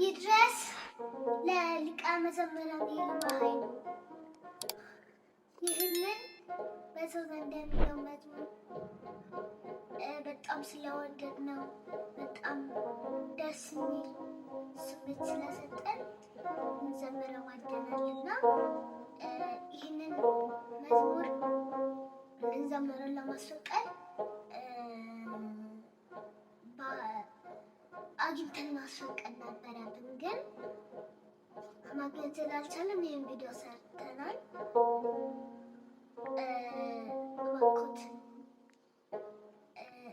ይድረስ ለሊቀ መዘምራን ይልማ ይህንን በሰው ዘንድ ያለው መዝሙር በጣም ስለወደድ ነው። በጣም ደስ የሚል ስሜት ስለሰጠን እንዘምረው አድረናልና ይህንን መዝሙር እንዘምረን ለማስፈቀድ ማስወቀድ ነበረብን፣ ግን ማግኘት ስላልቻለም ይህን ቪዲዮ ሰርተናል። መኩት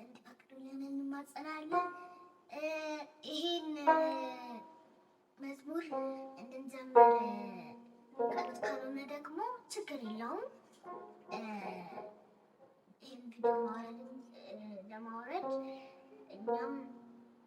እንዲፈቅዱልን እንማጸናለን። ይህን መዝሙር እንድንዘምር ቀጥ ካልሆነ ደግሞ ችግር የለውም። ይህን ቪዲዮ ለማውረድ እኛም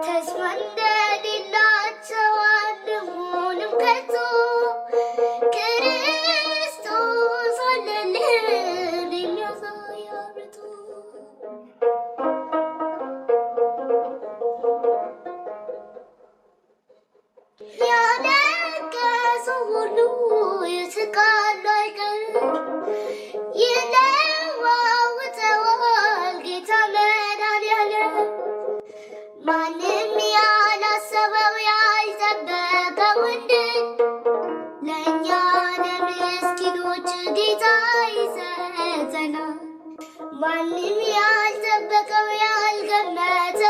Test one day, did ማንም ያልጠበቀው ያልገመተ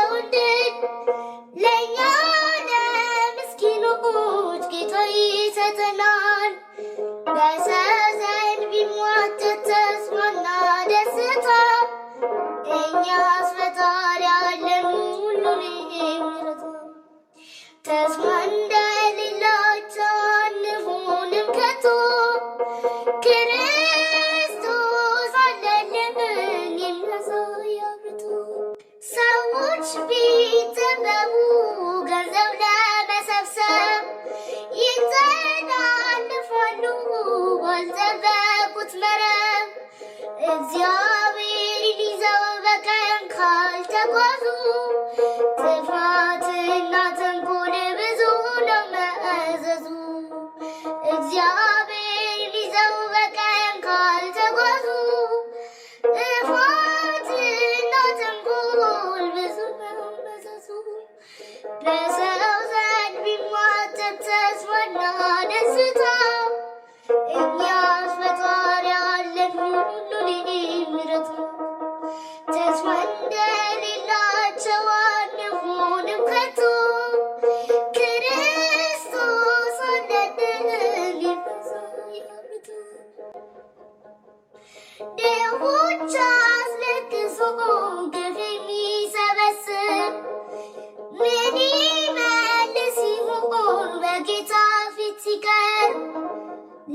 ባልጠበቁት መረብ እግዚአብሔር ይዘው በቀን ካልተጓዙ ጥፋትና ተንኮል ብዙ ነው መዘዙ።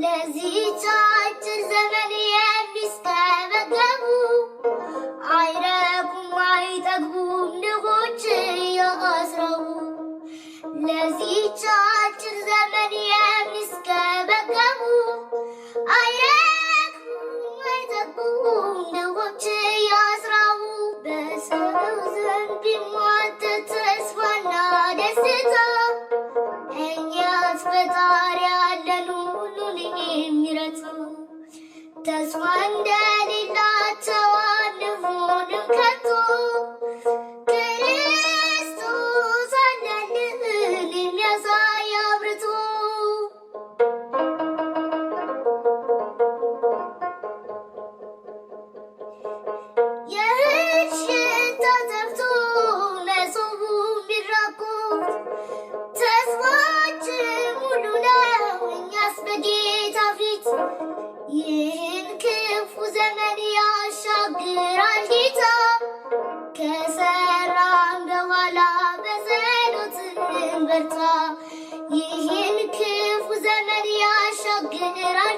ለዚህች አጭር ዘመን የሚስተመገቡ አይረኩም አይጠግቡም ንቦች ያስረቡ ለዚህች one day. زمني عشق رانيتا ከሰራን በኋላ በጸሎት እንበርታ ይህን ክፉ ዘመን ያሻግራል።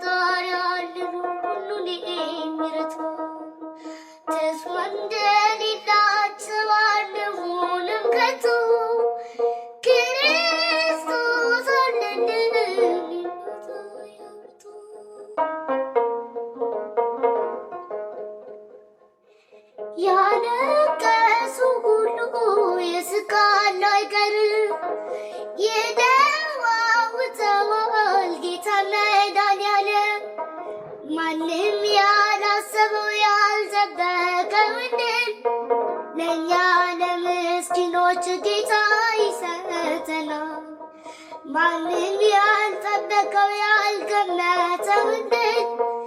ማንም ያላሰበው ያልጠበቀው እድል ለእኛ ለምስኪኖች ጌታ ይሰጠናል። ማንም ያልጠበቀው ያልገመተው እድል